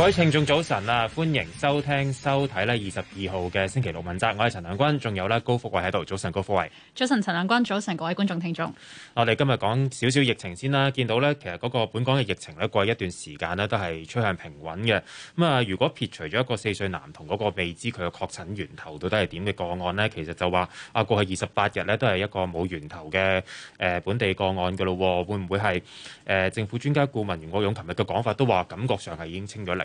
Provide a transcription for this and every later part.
各位聽眾早晨啊，歡迎收聽收睇呢二十二號嘅星期六問責。我係陳亮君，仲有呢高福慧喺度。早晨，高福慧。早晨，陳亮君。早晨，各位觀眾聽眾。我哋今日講少少疫情先啦。見到呢，其實嗰個本港嘅疫情呢過去一段時間呢，都係趨向平穩嘅。咁啊，如果撇除咗一個四歲男童嗰個未知佢嘅確診源頭到底係點嘅個案呢，其實就話啊過去二十八日呢，都係一個冇源頭嘅誒本地個案噶咯。會唔會係誒政府專家顧問袁國勇琴日嘅講法都話感覺上係已經清咗零。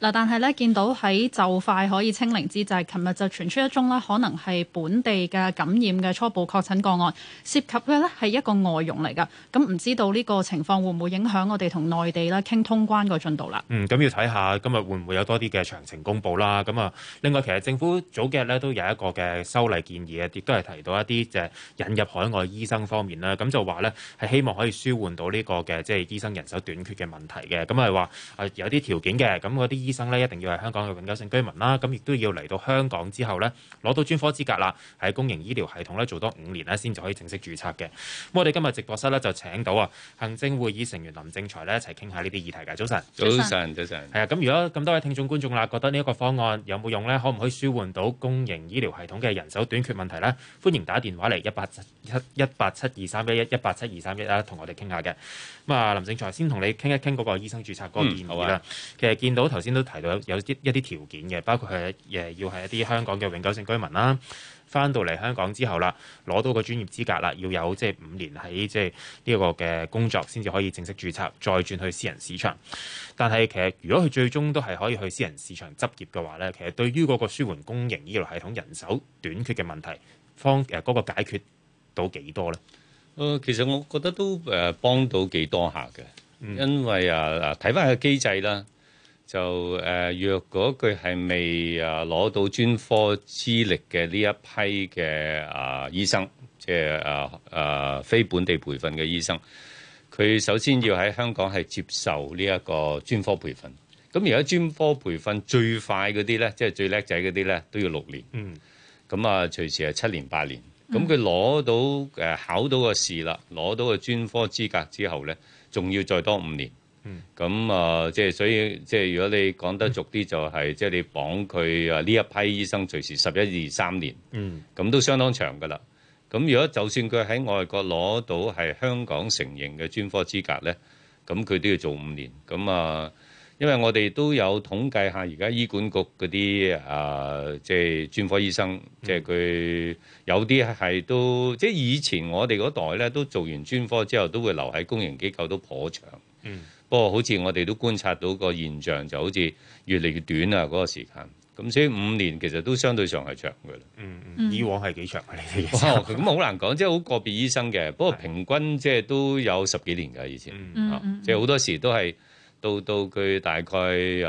嗱，但係咧見到喺就快可以清零之際，琴日就傳出一宗咧，可能係本地嘅感染嘅初步確診個案，涉及嘅咧係一個外傭嚟㗎。咁唔知道呢個情況會唔會影響我哋同內地咧傾通關個進度啦？嗯，咁要睇下今日會唔會有多啲嘅詳情公布啦。咁啊，另外其實政府早幾日呢都有一個嘅修例建議嘅，亦都係提到一啲就係引入海外醫生方面啦。咁就話呢，係希望可以舒緩到呢個嘅即係醫生人手短缺嘅問題嘅。咁係話啊有啲條件嘅，咁啲。醫生呢一定要係香港嘅永久性居民啦，咁亦都要嚟到香港之後呢，攞到專科資格啦，喺公營醫療系統呢做多五年呢先至可以正式註冊嘅。咁我哋今日直播室呢，就請到啊行政會議成員林正財呢一齊傾下呢啲議題嘅。早晨，早晨，早晨。係啊，咁如果咁多位聽眾觀眾啦，覺得呢一個方案有冇用呢？可唔可以舒緩到公營醫療系統嘅人手短缺問題呢？歡迎打電話嚟一八七一八七二三一一一八七二三一啊，同我哋傾下嘅。咁啊，林正財先同你傾一傾嗰個醫生註冊嗰個建議啦。嗯啊、其實見到頭先，都提到有啲一啲條件嘅，包括係誒要係一啲香港嘅永久性居民啦，翻到嚟香港之後啦，攞到個專業資格啦，要有即係五年喺即係呢個嘅工作，先至可以正式註冊，再轉去私人市場。但係其實如果佢最終都係可以去私人市場執業嘅話咧，其實對於嗰個舒緩公營醫療系統人手短缺嘅問題，方誒嗰個解決到幾多咧？誒，其實我覺得都誒幫到幾多下嘅，因為啊睇翻個機制啦。就誒，若果佢係未啊攞到專科資歷嘅呢一批嘅啊醫生，即係啊啊非本地培訓嘅醫生，佢首先要喺香港係接受呢一個專科培訓。咁而家專科培訓最快嗰啲咧，即係最叻仔嗰啲咧，都要六年。嗯，咁啊，隨時係七年八年。咁佢攞到誒考到個試啦，攞到個專科資格之後咧，仲要再多五年。咁啊、嗯呃，即係所以，即係如果你講得俗啲、就係，就係即係你綁佢啊呢一批醫生隨時十一二三年，咁、嗯、都相當長噶啦。咁如果就算佢喺外國攞到係香港承認嘅專科資格咧，咁佢都要做五年。咁啊，因為我哋都有統計下現在，而家醫管局嗰啲啊，即係專科醫生，嗯、即係佢有啲係都即係以前我哋嗰代咧，都做完專科之後都會留喺公營機構都頗長。嗯不過，好似我哋都觀察到個現象，就好似越嚟越短啊！嗰個時間咁，所以五年其實都相對上係長嘅啦。嗯嗯，以往係幾長嘅、啊、你哋？哇！咁好難講，即係好個別醫生嘅。是不過平均即係都有十幾年嘅以前，即係、嗯、好、嗯、係好多時都係到到佢大概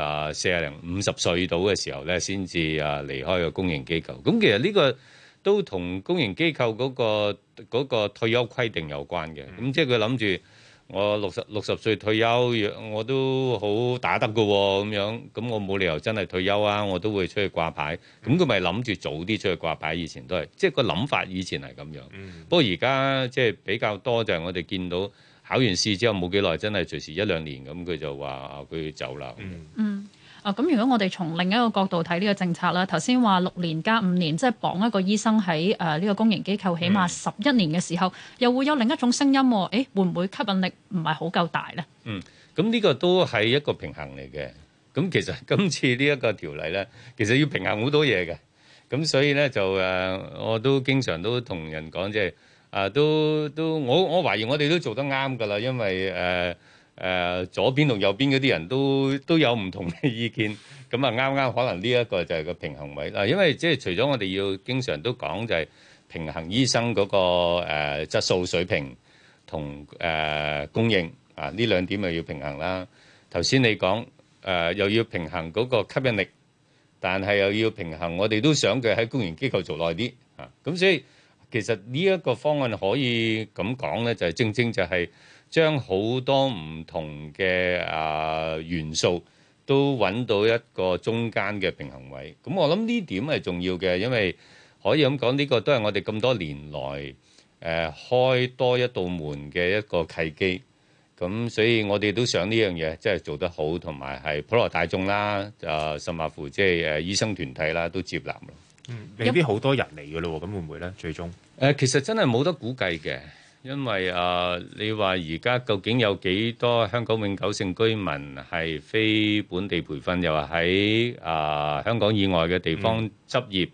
啊四啊零五十歲到嘅時候咧，先至啊離開個公營機構。咁其實呢個都同公營機構嗰、嗰個嗰、嗰個退休規定有關嘅。咁即係佢諗住。我六十六十歲退休，我都好打得嘅喎，咁樣，咁我冇理由真係退休啊！我都會出去掛牌，咁佢咪諗住早啲出去掛牌？以前都係，即係個諗法以前係咁樣。嗯、不過而家即係比較多就係我哋見到考完試之後冇幾耐，真係隨時一兩年咁，佢就話佢要走啦。嗯。嗯。啊，咁如果我哋從另一個角度睇呢個政策咧，頭先話六年加五年，即係綁一個醫生喺誒呢個公營機構，起碼十一年嘅時候，嗯，又會有另一種聲音，誒，會唔會吸引力唔係好夠大呢？嗯，咁呢個都係一個平衡嚟嘅。咁其實今次呢一個條例呢，其實要平衡好多嘢嘅。咁所以呢，就誒，我都經常都同人講，即係，呃，都都我我懷疑我哋都做得啱㗎啦，因為誒。呃誒、呃、左邊同右邊嗰啲人都都有唔同嘅意見，咁啊啱啱可能呢一個就係個平衡位啦。因為即係除咗我哋要經常都講就係平衡醫生嗰、那個誒、呃、質素水平同誒、呃、供應啊，呢兩點咪要平衡啦。頭先你講誒、呃、又要平衡嗰個吸引力，但係又要平衡我哋都想佢喺公營機構做耐啲啊。咁所以其實呢一個方案可以咁講咧，就係、是、正正就係、是。將好多唔同嘅啊元素都揾到一個中間嘅平衡位，咁我諗呢點係重要嘅，因為可以咁講，呢、這個都係我哋咁多年來誒、呃、開多一道門嘅一個契機，咁所以我哋都想呢樣嘢真係做得好，同埋係普羅大眾啦，啊、呃，甚至乎即係誒醫生團體啦都接納咯。嗯，呢啲好多人嚟㗎咯，咁會唔會咧最終？誒、呃，其實真係冇得估計嘅。因為啊、呃，你話而家究竟有幾多香港永久性居民係非本地培訓，又話喺啊香港以外嘅地方執業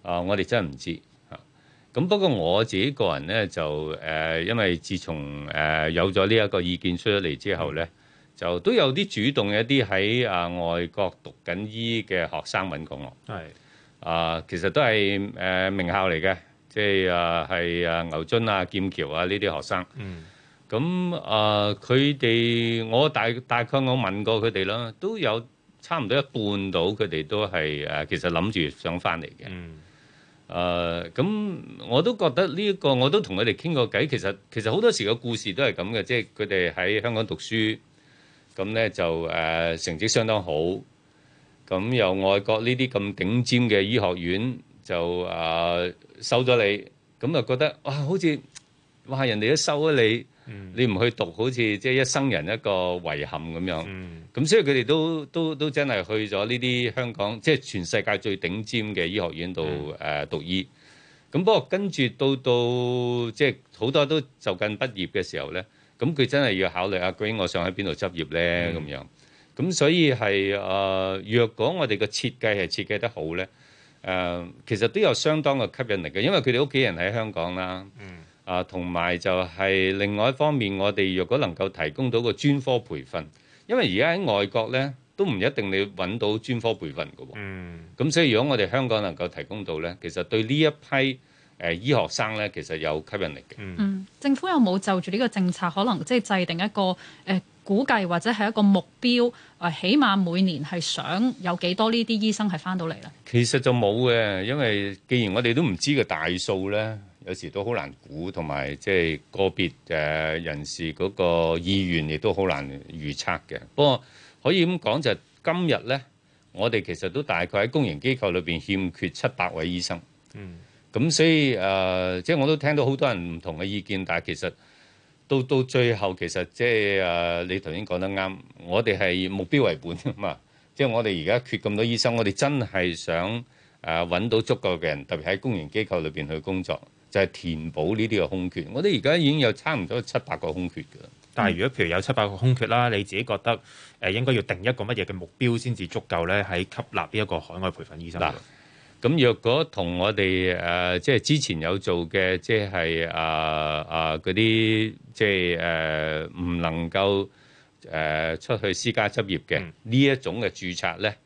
啊、嗯呃？我哋真係唔知嚇。咁不過我自己個人呢，就誒、呃，因為自從誒、呃、有咗呢一個意見出咗嚟之後呢，嗯、就都有啲主動一啲喺啊外國讀緊醫嘅學生揾過我：是「係啊、呃，其實都係誒、呃、名校嚟嘅。即係啊，係啊，牛津啊、劍橋啊呢啲學生，咁啊、嗯，佢哋、呃、我大大概我問過佢哋啦，都有差唔多一半到，佢哋都係誒、啊，其實諗住想翻嚟嘅。誒、嗯，咁、呃、我都覺得呢、這個，我都同佢哋傾過偈。其實其實好多時個故事都係咁嘅，即係佢哋喺香港讀書，咁咧就誒、呃、成績相當好，咁由外國呢啲咁頂尖嘅醫學院。就啊收咗你，咁就覺得哇，好似哇人哋一收咗你，嗯、你唔去讀，好似即係一生人一個遺憾咁樣。咁、嗯、所以佢哋都都都真係去咗呢啲香港，即、就、係、係、全世界最頂尖嘅醫學院度誒、嗯呃、讀醫。咁不過跟住到到即係好多都就近畢業嘅時候咧，咁佢真係要考慮啊，究竟我想喺邊度執業咧咁、嗯、樣。咁所以係誒、呃，若果我哋嘅設計係設計得好咧。誒，uh, 其實都有相當嘅吸引力嘅，因為佢哋屋企人喺香港啦，嗯、啊，同埋就係另外一方面，我哋若果能夠提供到個專科培訓，因為而家喺外國咧，都唔一定你搵到專科培訓㗎喎，咁、嗯、所以如果我哋香港能夠提供到咧，其實對呢一批誒、呃、醫學生咧，其實有吸引力嘅。嗯，政府有冇就住呢個政策，可能即係、就是、制定一個誒，呃估計或者係一個目標，誒、呃，起碼每年係想有幾多呢啲醫生係翻到嚟咧？其實就冇嘅，因為既然我哋都唔知個大數呢，有時都好難估，同埋即係個別誒人士嗰個意願亦都好難預測嘅。不過可以咁講就係今日呢，我哋其實都大概喺公營機構裏邊欠缺七百位醫生。嗯，咁所以誒、呃，即係我都聽到好多人唔同嘅意見，但係其實。到到最後，其實即係誒，你頭先講得啱，我哋係以目標為本㗎嘛。即係我哋而家缺咁多醫生，我哋真係想誒揾到足夠嘅人，特別喺公營機構裏邊去工作，就係、是、填補呢啲嘅空缺。我哋而家已經有差唔多七百個空缺㗎。嗯、但係如果譬如有七百個空缺啦，你自己覺得誒應該要定一個乜嘢嘅目標先至足夠咧？喺吸納呢一個海外培訓醫生嗱。咁若果同我哋即、呃、之前有做嘅，即係啊啊啲即唔能夠、呃、出去私家執業嘅呢、嗯、一種嘅註冊咧，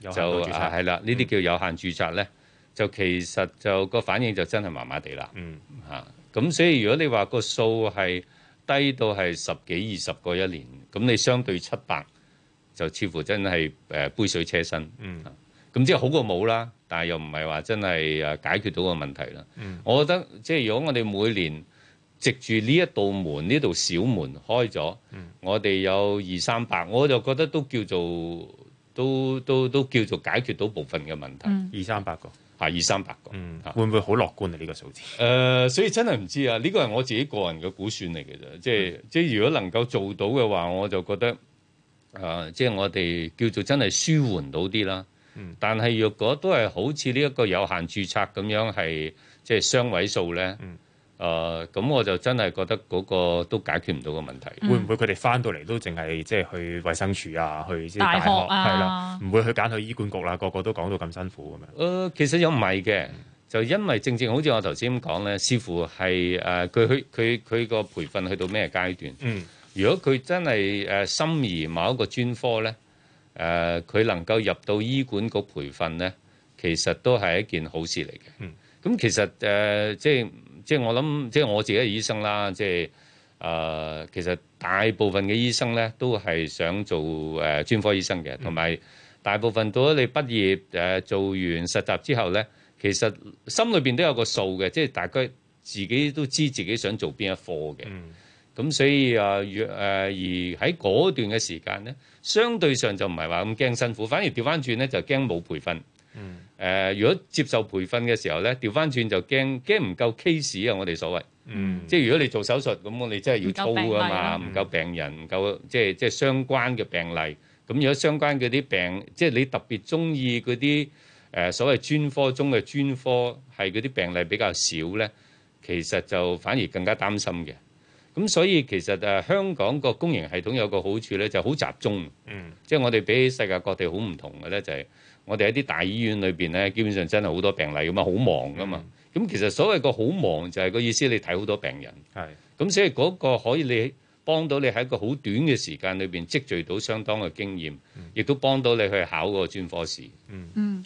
就係啦，呢啲、啊、叫有限註冊咧，嗯、就其實就個反應就真係麻麻地啦。嗯，嚇咁、啊、所以如果你話個數係低到係十幾二十個一年，咁你相對七百就似乎真係誒杯水車薪。嗯。咁即係好過冇啦，但係又唔係話真係誒解決到個問題啦。嗯、我覺得即係如果我哋每年藉住呢一道門、呢度小門開咗，嗯、我哋有二三百，我就覺得都叫做都都都叫做解決到部分嘅問題。嗯、二三百個嚇、啊，二三百個，嗯、會唔會好樂觀啊？呢、呢個數字誒、呃，所以真係唔知啊！呢個係我自己個人嘅估算嚟嘅啫。即係、嗯、即係如果能夠做到嘅話，我就覺得誒、呃，即係我哋叫做真係舒緩到啲啦。嗯、但係若果都係好似呢一個有限註冊咁樣是，係即係雙位數呢，誒咁、嗯呃、我就真係覺得嗰個都解決唔到個問題。嗯、會唔會佢哋翻到嚟都淨係即係去衛生署啊，去大學啊，係啦、啊，唔會去揀去醫管局啦、啊，個個都講到咁辛苦咁樣？誒、呃，其實又唔係嘅，嗯、就因為正正好似我頭先咁講呢，似乎係誒佢佢佢佢個培訓去到咩階段？嗯、如果佢真係誒心儀某一個專科呢？誒佢、呃、能夠入到醫管局培訓呢，其實都係一件好事嚟嘅。咁其實誒、呃，即係即係我諗，即係我，我自己係醫生啦。即係誒、呃，其實大部分嘅醫生呢，都係想做誒、呃、專科醫生嘅，同埋、嗯、大部分到咗你畢業誒、呃、做完實習之後呢，其實心裏邊都有個數嘅，即係大概自己都知道自己想做邊一科嘅。嗯咁所以啊，誒而喺嗰段嘅時間咧，相對上就唔係話咁驚辛苦，反而調翻轉咧就驚冇培訓。誒、嗯呃，如果接受培訓嘅時候咧，調翻轉就驚驚唔夠 case 啊。我哋所謂，嗯、即係如果你做手術咁，你真係要操噶嘛，唔夠，夠病人，唔夠即係即係相關嘅病例。咁、嗯、如果相關嘅啲病，即、就、係、是、你特別中意嗰啲誒所謂專科中嘅專科，係嗰啲病例比較少咧，其實就反而更加擔心嘅。咁所以其實誒香港個公營系統有個好處咧，就好集中。嗯，即係我哋比起世界各地好唔同嘅咧，就係我哋喺啲大醫院裏邊咧，基本上真係好多病例噶嘛，好忙噶嘛。咁其實所謂個好忙就係個意思，你睇好多病人。係。咁所以嗰個可以你幫到你喺一個好短嘅時間裏邊積聚到相當嘅經驗，亦、嗯、都幫到你去考個專科試。嗯。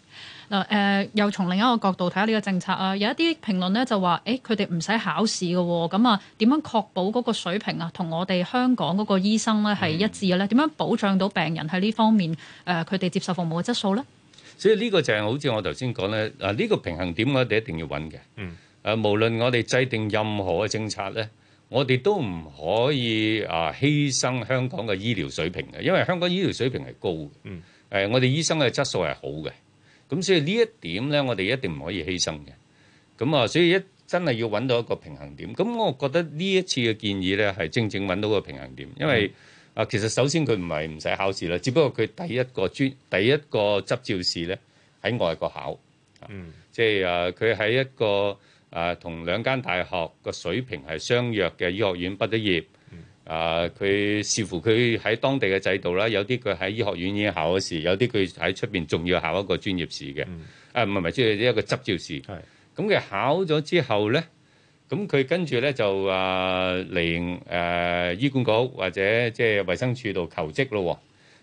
嗱、呃、又從另一個角度睇下呢個政策啊！有一啲評論咧就話，誒，佢哋唔使考試嘅喎，咁啊，點樣確保嗰個水平啊，同我哋香港嗰個醫生咧係一致嘅咧？點樣、嗯、保障到病人喺呢方面誒，佢、呃、哋接受服務嘅質素咧？所以呢個就係、是、好似我頭先講咧，啊，呢個平衡點我哋一定要揾嘅。嗯。誒、啊，無論我哋制定任何嘅政策咧，我哋都唔可以啊犧牲香港嘅醫療水平嘅，因為香港的醫療水平係高嘅。嗯。誒、啊，我哋醫生嘅質素係好嘅。咁所以呢一點呢，我哋一定唔可以犧牲嘅。咁啊，所以一真係要揾到一個平衡點。咁我覺得呢一次嘅建議呢，係正正揾到個平衡點，因為啊，其實首先佢唔係唔使考試啦，只不過佢第一個專第一個執照試呢，喺外國考。啊嗯、即係佢喺一個啊同兩間大學個水平係相若嘅醫學院畢咗業。啊！佢視乎佢喺當地嘅制度啦，有啲佢喺醫學院已經考咗試，有啲佢喺出邊仲要考一個專業試嘅。啊，唔係唔係專業，一個執照試。咁佢考咗之後呢，咁佢跟住呢就啊嚟誒醫管局或者即係衛生署度求職咯。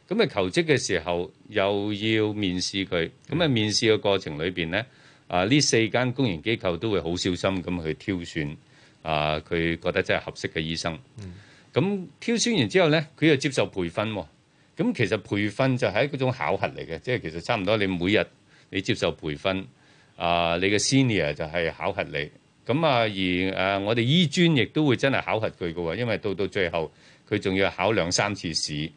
咁啊求職嘅時候又要面試佢，咁啊面試嘅過程裏邊呢，嗯、啊呢四間公營機構都會好小心咁去挑選啊，佢覺得真係合適嘅醫生。嗯咁挑選完之後呢，佢又接受培訓喎、哦。咁其實培訓就係一種考核嚟嘅，即係其實差唔多你每日你接受培訓，啊、呃，你嘅 senior 就係考核你。咁啊，而誒、呃、我哋醫專亦都會真係考核佢嘅喎，因為到到最後佢仲要考兩三次試。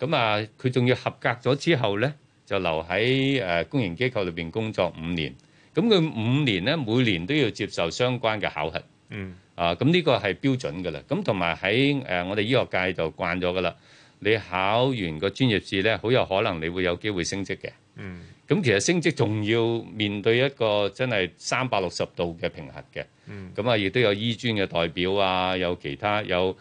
咁啊，佢仲要合格咗之後呢，就留喺誒公營機構裏邊工作五年。咁佢五年呢，每年都要接受相關嘅考核。嗯。啊，咁、這、呢個係標準嘅啦，咁同埋喺誒我哋醫學界就慣咗嘅啦。你考完個專業試呢，好有可能你會有機會升職嘅。嗯，咁其實升職仲要面對一個真係三百六十度嘅平衡嘅。嗯，咁啊，亦都有醫專嘅代表啊，有其他有。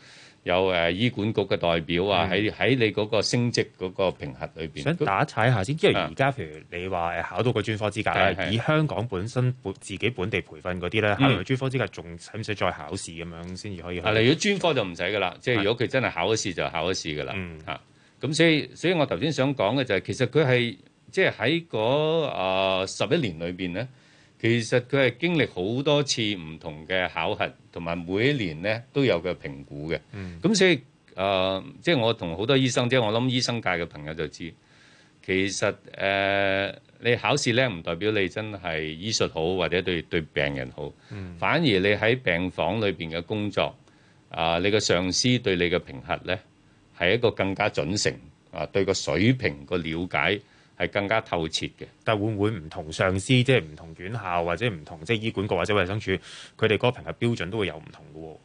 有誒醫管局嘅代表啊，喺喺你嗰個升職嗰個評核裏邊，想打岔一下先，因為而家譬如你話誒考到個專科資格咧，係係係以香港本身本自己本地培訓嗰啲咧，考完專科資格仲使唔使再考試咁樣先至可以去？係，如果專科就唔使㗎喇，即係如果佢真係考一次就考一次㗎喇吓。咁係係所以所以我頭先想講嘅就係、係、其實佢係即係喺嗰十一年裏邊咧。其實佢係經歷好多次唔同嘅考核，同埋每一年咧都有嘅評估嘅。咁、嗯、所以誒、呃，即係我同好多醫生，即係我諗醫生界嘅朋友就知道，其實誒、呃、你考試咧唔代表你真係醫術好或者對對病人好，嗯、反而你喺病房裏邊嘅工作，啊、呃、你嘅上司對你嘅評核咧係一個更加準繩啊、呃，對個水平個了解。係更加透徹嘅，但會唔會唔同上司，即係唔同院校或者唔同即係醫管局或者衞生署，佢哋嗰個評核標準都會有唔同嘅喎、啊。誒、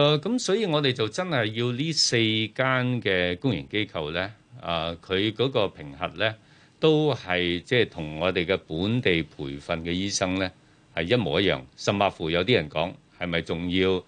呃，咁所以我哋就真係要呢四間嘅公營機構呢，啊、呃，佢嗰個評核呢，都係即係同我哋嘅本地培訓嘅醫生呢，係一模一樣，甚或乎有啲人講係咪仲要？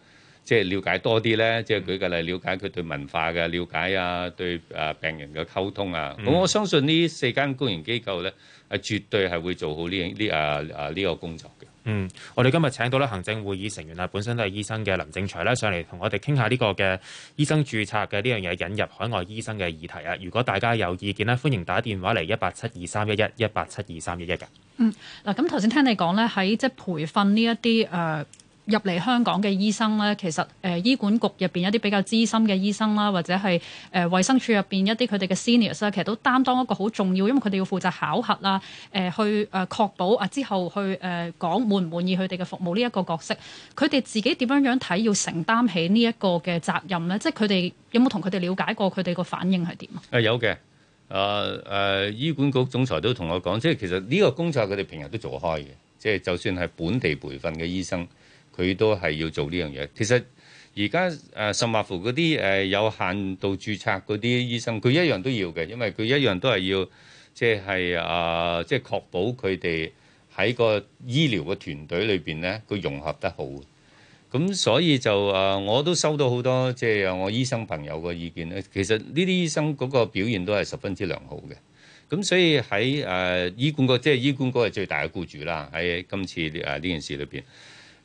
即係了解多啲咧，即係舉個例，了解佢對文化嘅了解啊，對誒病人嘅溝通啊。咁、嗯、我相信呢四間公營機構咧，係絕對係會做好呢啲誒誒呢個工作嘅。嗯，我哋今日請到咧行政會議成員啊，本身都係醫生嘅林正財啦，上嚟同我哋傾下呢個嘅醫生註冊嘅呢樣嘢引入海外醫生嘅議題啊。如果大家有意見呢，歡迎打電話嚟一八七二三一一一八七二三一一㗎。嗯，嗱咁頭先聽你講咧，喺即係培訓呢一啲誒。呃入嚟香港嘅醫生咧，其實誒醫管局入邊一啲比較資深嘅醫生啦，或者係誒衛生署入邊一啲佢哋嘅 seniors 咧，其實都擔當一個好重要的，因為佢哋要負責考核啦，誒去誒確保啊之後去誒講滿唔滿意佢哋嘅服務呢一個角色，佢哋自己點樣樣睇要承擔起呢一個嘅責任咧？即係佢哋有冇同佢哋了解過佢哋個反應係點啊？誒有嘅，誒、呃、誒醫管局總裁都同我講，即係其實呢個工作佢哋平日都做開嘅，即係就算係本地培訓嘅醫生。佢都係要做呢樣嘢。其實而家誒甚至乎嗰啲誒有限度註冊嗰啲醫生，佢一樣都要嘅，因為佢一樣都係要即係誒，即、就、係、是呃就是、確保佢哋喺個醫療嘅團隊裏邊咧，佢融合得好。咁所以就誒，我都收到好多即係、就是、我醫生朋友嘅意見咧。其實呢啲醫生嗰個表現都係十分之良好嘅。咁所以喺誒、呃、醫管局，即、就、係、是、醫管局係最大嘅僱主啦。喺今次誒呢件事裏邊。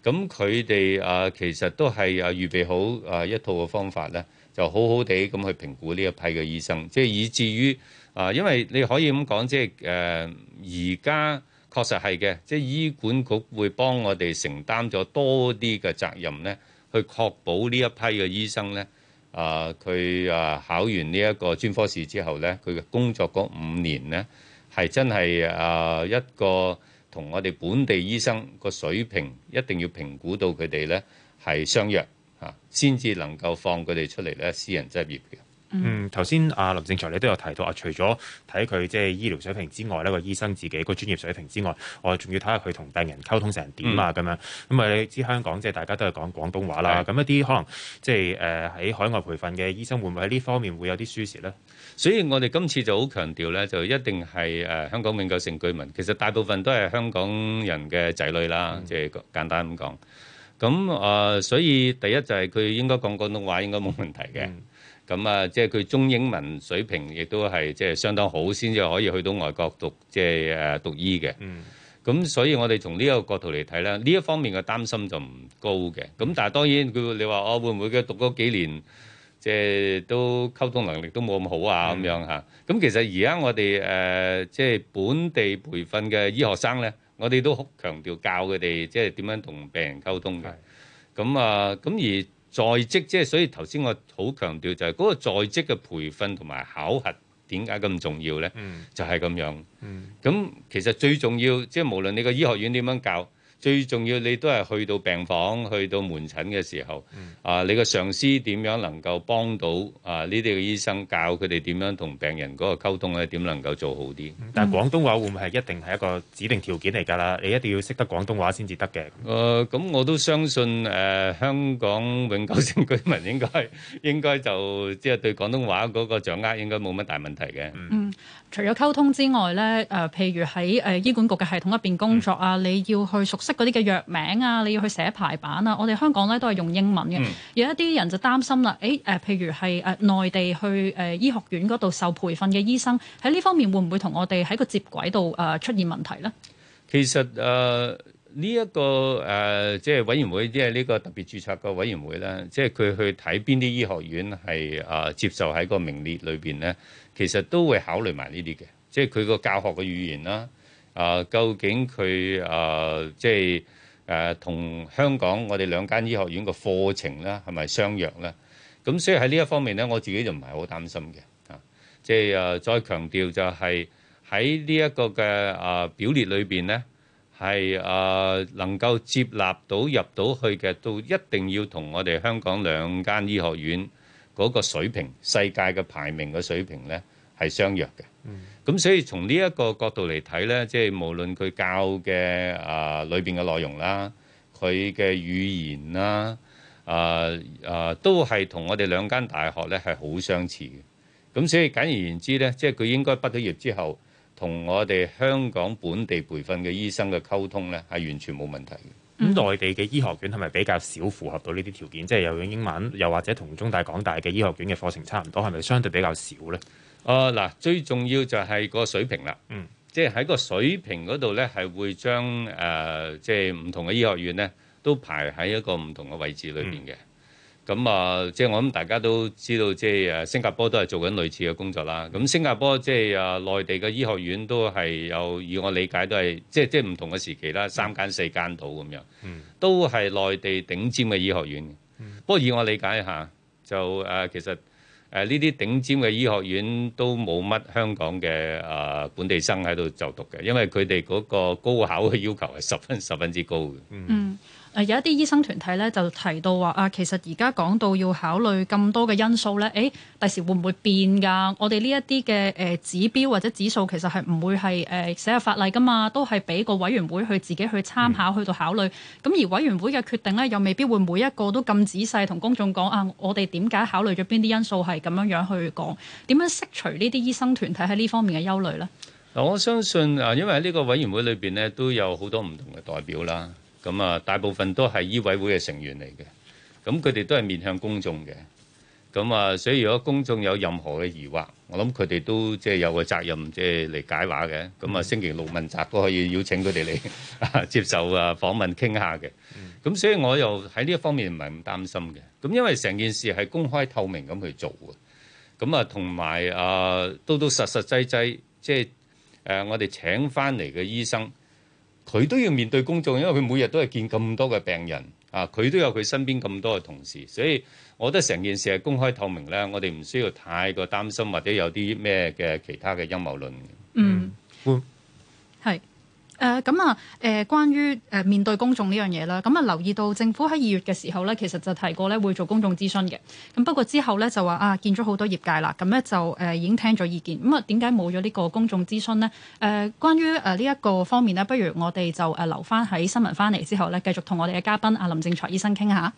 咁佢哋啊，其實都係啊預備好啊一套嘅方法咧，就好好地咁去評估呢一批嘅醫生，即係以至於啊，因為你可以咁講，即係誒而家確實係嘅，即係醫管局會幫我哋承擔咗多啲嘅責任咧，去確保呢一批嘅醫生咧啊，佢啊考完呢一個專科試之後咧，佢嘅工作嗰五年咧係真係啊一個。同我哋本地醫生個水平一定要評估到佢哋咧係相若嚇，先至能夠放佢哋出嚟咧私人執業。嘅。嗯，頭先啊林正財你都有提到啊，除咗睇佢即係醫療水平之外呢個、啊、醫生自己個專業水平之外，我、啊、仲要睇下佢同病人溝通成點啊咁、嗯、樣。咁、嗯、啊，你知香港即係大家都係講廣東話啦，咁的一啲可能即係誒喺海外培訓嘅醫生會唔會喺呢方面會有啲輸蝕咧？所以我哋今次就好強調咧，就一定係誒、呃、香港永久性居民，其實大部分都係香港人嘅仔女啦，即係、嗯、簡單咁講。咁啊、呃，所以第一就係佢應該講廣東話，應該冇問題嘅。嗯。咁啊，即係佢中英文水平亦都係即係相當好，先至可以去到外國讀即係誒讀醫嘅。嗯。咁所以我哋從呢一個角度嚟睇咧，呢一方面嘅擔心就唔高嘅。咁但係當然佢你話我會唔會嘅讀嗰幾年即係都溝通能力都冇咁好啊咁、嗯、樣吓。咁其實而家我哋誒即係本地培訓嘅醫學生咧，我哋都好強調教佢哋即係點樣同病人溝通嘅。咁啊是，咁、呃、而。在職即係，所以頭先我好強調就係嗰個在職嘅培訓同埋考核點解咁重要呢？嗯、就係咁樣。咁、嗯、其實最重要即係無論你個醫學院點樣教。最重要，你都係去到病房、去到門診嘅時候，嗯、啊，你個上司點樣能夠幫到啊？呢啲嘅醫生教佢哋點樣同病人嗰個溝通咧，點能夠做好啲、嗯？但係廣東話會唔會係一定係一個指定條件嚟㗎啦？你一定要識得廣東話先至得嘅。誒、嗯，咁我都相信誒、呃，香港永久性居民應該應該就即係、就係、對廣東話嗰個掌握應該冇乜大問題嘅。嗯。除咗溝通之外咧，誒，譬如喺誒醫管局嘅系統入邊工作啊，嗯、你要去熟悉嗰啲嘅藥名啊，你要去寫排版啊，我哋香港咧都係用英文嘅。嗯、有一啲人就擔心啦，誒，誒，譬如係誒內地去誒醫學院嗰度受培訓嘅醫生，喺呢方面會唔會同我哋喺個接軌度誒出現問題咧？其實誒呢一個誒即係委員會，即係呢個特別註冊個委員會咧，即係佢去睇邊啲醫學院係啊、呃、接受喺個名列裏邊咧。其實都會考慮埋呢啲嘅，即係佢個教學嘅語言啦，啊，究竟佢啊，即係誒、啊、同香港我哋兩間醫學院嘅課程啦，係咪相若咧？咁所以喺呢一方面咧，我自己就唔係好擔心嘅，啊，即係誒、啊、再強調就係喺呢一個嘅啊表列裏邊咧，係啊能夠接納到入到去嘅，都一定要同我哋香港兩間醫學院。嗰個水平、世界嘅排名嘅水平呢係相若嘅。咁所以從呢一個角度嚟睇呢，即係無論佢教嘅啊裏邊嘅內容啦，佢嘅語言啦，啊、呃、啊、呃、都係同我哋兩間大學呢係好相似嘅。咁所以簡而言之呢，即係佢應該畢咗業之後，同我哋香港本地培訓嘅醫生嘅溝通呢係完全冇問題嘅。咁內地嘅醫學院係咪比較少符合到呢啲條件？即係又用英文，又或者同中大、港大嘅醫學院嘅課程差唔多，係咪相對比較少呢？啊，嗱，最重要就係個水平啦。嗯，即係喺個水平嗰度呢，係會將誒即係唔同嘅醫學院呢都排喺一個唔同嘅位置裏邊嘅。嗯咁啊、呃，即係我諗大家都知道，即係新加坡都係做緊類似嘅工作啦。咁新加坡即係啊，呃、內地嘅醫學院都係有，以我理解都係，即係即係唔同嘅時期啦，三間四間到咁樣，都係內地頂尖嘅醫學院。嗯、不過以我理解一下，就、呃、其實呢啲、呃、頂尖嘅醫學院都冇乜香港嘅誒、呃、本地生喺度就讀嘅，因為佢哋嗰個高考嘅要求係十分十分之高嘅。嗯。誒有一啲醫生團體咧，就提到話啊，其實而家講到要考慮咁多嘅因素咧，誒第時會唔會變噶？我哋呢一啲嘅誒指標或者指數，其實係唔會係誒寫入法例噶嘛，都係俾個委員會去自己去參考去到考慮。咁、嗯、而委員會嘅決定咧，又未必會每一個都咁仔細同公眾講啊。我哋點解考慮咗邊啲因素係咁樣樣去講？點樣釋除呢啲醫生團體喺呢方面嘅憂慮咧？嗱，我相信啊，因為喺呢個委員會裏邊呢，都有好多唔同嘅代表啦。咁啊，大部分都係醫委會嘅成員嚟嘅，咁佢哋都係面向公眾嘅，咁啊，所以如果公眾有任何嘅疑惑，我諗佢哋都即係有個責任，即係嚟解話嘅。咁啊，星期六問責都可以邀請佢哋嚟接受啊訪問傾下嘅。咁所以我又喺呢一方面唔係咁擔心嘅。咁因為成件事係公開透明咁去做嘅，咁啊，同埋啊，都都實實際際即係誒、啊、我哋請翻嚟嘅醫生。佢都要面對公眾，因為佢每日都係見咁多嘅病人，啊，佢都有佢身邊咁多嘅同事，所以我覺得成件事係公開透明咧，我哋唔需要太過擔心或者有啲咩嘅其他嘅陰謀論。嗯。誒咁啊誒，關於誒面對公眾呢樣嘢啦，咁、呃、啊留意到政府喺二月嘅時候咧，其實就提過咧會做公眾諮詢嘅。咁不過之後咧就話啊，見咗好多業界啦，咁咧就誒、呃、已經聽咗意見。咁啊，點解冇咗呢個公眾諮詢咧？誒、呃，關於誒呢一個方面咧，不如我哋就誒留翻喺新聞翻嚟之後咧，繼續同我哋嘅嘉賓啊林正財醫生傾下。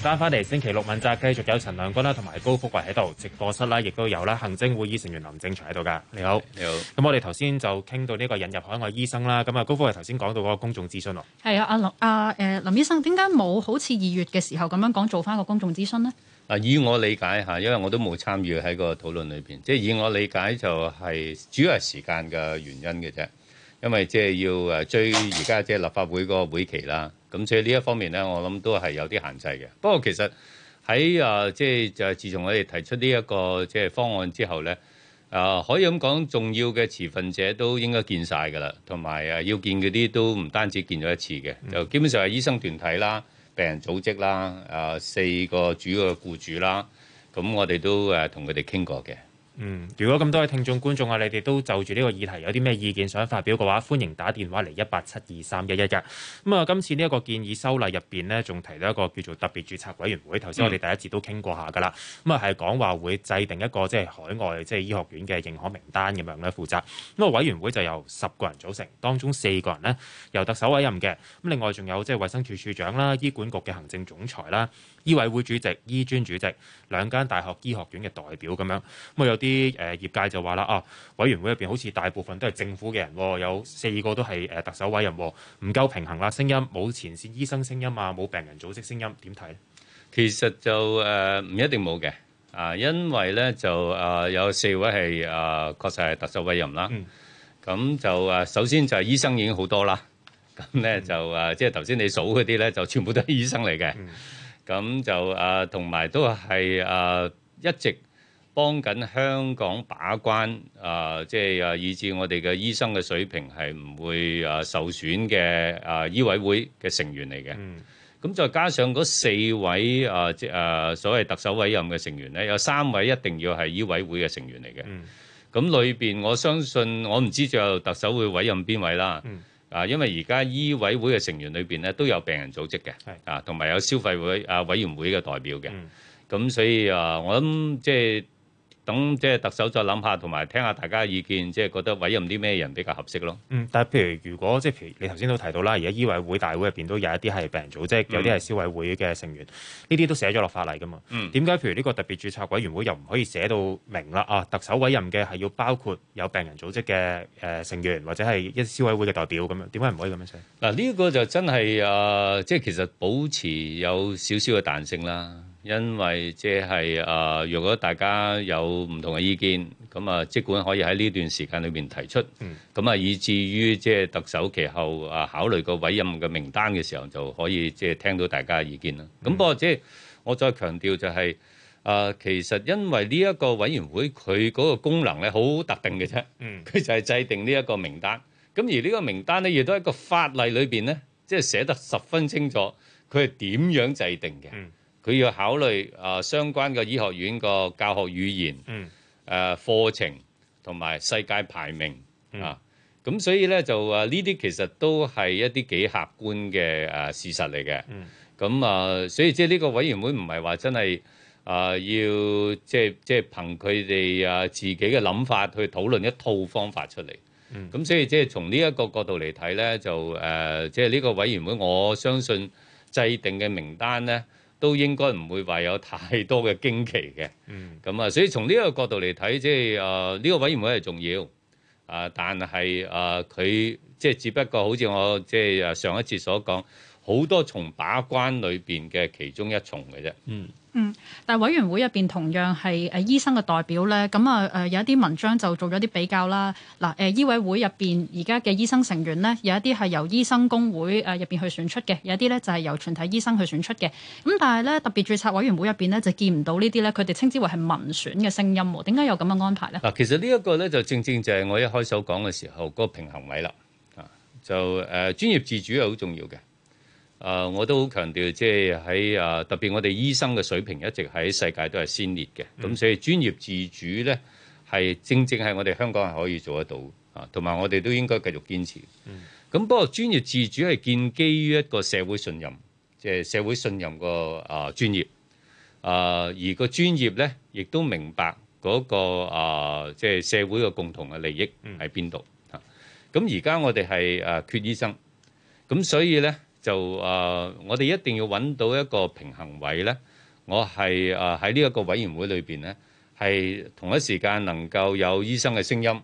翻翻嚟，星期六問責，繼續有陳亮軍啦，同埋高福華喺度直播室啦，亦都有啦。行政會議成員林正財喺度㗎。你好，你好。咁我哋頭先就傾到呢個引入海外醫生啦。咁啊，高福華頭先講到嗰個公眾諮詢咯，係啊，阿林阿誒林醫生，點解冇好似二月嘅時候咁樣講做翻個公眾諮詢呢？嗱，以我理解吓，因為我都冇參與喺個討論裏邊，即係以我理解就係主要係時間嘅原因嘅啫。因為即係要誒追而家即係立法會個會期啦。咁所以呢一方面咧，我諗都係有啲限制嘅。不過其實喺啊，即係就係自從我哋提出呢一個即係方案之後咧，啊、呃、可以咁講，重要嘅持份者都應該見晒㗎啦，同埋啊要見嗰啲都唔單止見咗一次嘅，嗯、就基本上係醫生團體啦、病人組織啦、啊、呃、四個主要嘅僱主啦，咁我哋都誒同佢哋傾過嘅。嗯，如果咁多位聽眾觀眾啊，你哋都就住呢個議題有啲咩意見想發表嘅話，歡迎打電話嚟一八七二三一一一。咁、嗯、啊，今次呢一個建議修例入面呢，仲提到一個叫做特別註冊委員會。頭先我哋第一節都傾過下㗎啦。咁、嗯、啊，係講話會制定一個即係、就是、海外即係、就是就是、醫學院嘅認可名單咁樣咧負責。咁、嗯、啊，委員會就由十個人組成，當中四個人呢由特首委任嘅。咁、嗯、另外仲有即係衛生署處長啦、醫管局嘅行政總裁啦、醫委會主席、醫專主席、兩間大學醫學院嘅代表咁樣。咁、嗯、啊，有、嗯、啲啲誒業界就話啦啊，委員會入邊好似大部分都係政府嘅人，有四個都係誒特首委任，唔夠平衡啦，聲音冇前線醫生聲音啊，冇病人組織聲音，點睇咧？其實就誒唔、呃、一定冇嘅啊，因為咧就啊、呃、有四位係啊確實係特首委任啦，咁、嗯、就啊首先就係醫生已經好多啦，咁咧就啊、嗯、即係頭先你數嗰啲咧就全部都係醫生嚟嘅，咁、嗯、就啊同埋都係啊、呃、一直。幫緊香港把關啊，即係啊，以致我哋嘅醫生嘅水平係唔會啊受損嘅啊，醫委會嘅成員嚟嘅。咁、嗯、再加上嗰四位啊，即係、啊、所謂特首委任嘅成員咧，有三位一定要係醫委會嘅成員嚟嘅。咁裏邊我相信，我唔知最後特首會委任邊位啦。嗯、啊，因為而家醫委會嘅成員裏邊咧都有病人組織嘅，的啊，同埋有消費委啊委員會嘅代表嘅。咁、嗯、所以啊，我諗即係。等即係特首再諗下，同埋聽下大家嘅意見，即係覺得委任啲咩人比較合適咯。嗯，但係譬如如果即係，譬如你頭先都提到啦，而家醫委會大會入邊都有一啲係病人組織，有啲係消委會嘅成員，呢啲、嗯、都寫咗落法例噶嘛。嗯。點解譬如呢個特別註冊委員會又唔可以寫到明啦？啊，特首委任嘅係要包括有病人組織嘅誒成員，或者係一消委會嘅代表咁樣，點解唔可以咁樣寫？嗱，呢、呢個就真係誒、呃，即係其實保持有少少嘅彈性啦。因為即係啊，如果大家有唔同嘅意見，咁啊，即管可以喺呢段時間裏面提出，咁啊，嗯，以至於即係特首其後啊考慮個委任嘅名單嘅時候，就可以即係聽到大家嘅意見啦。嗯，咁不過即係我再強調就係啊，其實因為呢一個委員會佢嗰個功能咧，好特定嘅啫，嗯，佢就係制定呢一個名單。咁而呢個名單咧，亦都喺個法例裏邊咧，即係寫得十分清楚，佢係點樣制定嘅。嗯佢要考慮啊、呃、相關嘅醫學院個教學語言、誒、嗯呃、課程同埋世界排名、嗯、啊，咁所以咧就啊呢啲其實都係一啲幾客觀嘅誒、啊、事實嚟嘅。咁、嗯、啊，所以即係呢個委員會唔係話真係啊要即係即係憑佢哋啊自己嘅諗法去討論一套方法出嚟。咁、嗯啊、所以即係從呢一個角度嚟睇咧，就誒、啊、即係呢個委員會，我相信制定嘅名單咧。都應該唔會話有太多嘅驚奇嘅，咁啊、嗯，所以從呢個角度嚟睇，即係啊呢個委員會係重要啊、呃，但係啊佢即係只不過好似我即係上一次所講。好多重把關裏邊嘅其中一重嘅啫。嗯嗯，但係委員會入邊同樣係誒醫生嘅代表咧。咁啊誒，有一啲文章就做咗啲比較啦。嗱誒，醫委會入邊而家嘅醫生成員呢，有一啲係由醫生工會誒入邊去選出嘅，有一啲咧就係由全體醫生去選出嘅。咁但係咧特別註冊委員會入邊咧就見唔到呢啲咧，佢哋稱之為係民選嘅聲音喎。點解有咁嘅安排咧？嗱，其實呢一個咧就正正就係我一開首講嘅時候嗰個平衡位啦。啊，就誒專業自主係好重要嘅。誒、呃，我都好強調，即係喺誒，特別我哋醫生嘅水平一直喺世界都係先列嘅，咁所以專業自主呢，係正正係我哋香港係可以做得到，啊，同埋我哋都應該繼續堅持。咁、嗯、不過專業自主係建基於一個社會信任，即、就、係、是、社會信任個誒、啊、專業，誒、啊、而個專業呢，亦都明白嗰、那個即係、啊就是、社會嘅共同嘅利益喺邊度嚇。咁而家我哋係誒缺醫生，咁所以呢。就誒、呃，我哋一定要揾到一個平衡位咧。我係誒喺呢一個委員會裏邊咧，係同一時間能夠有醫生嘅聲音，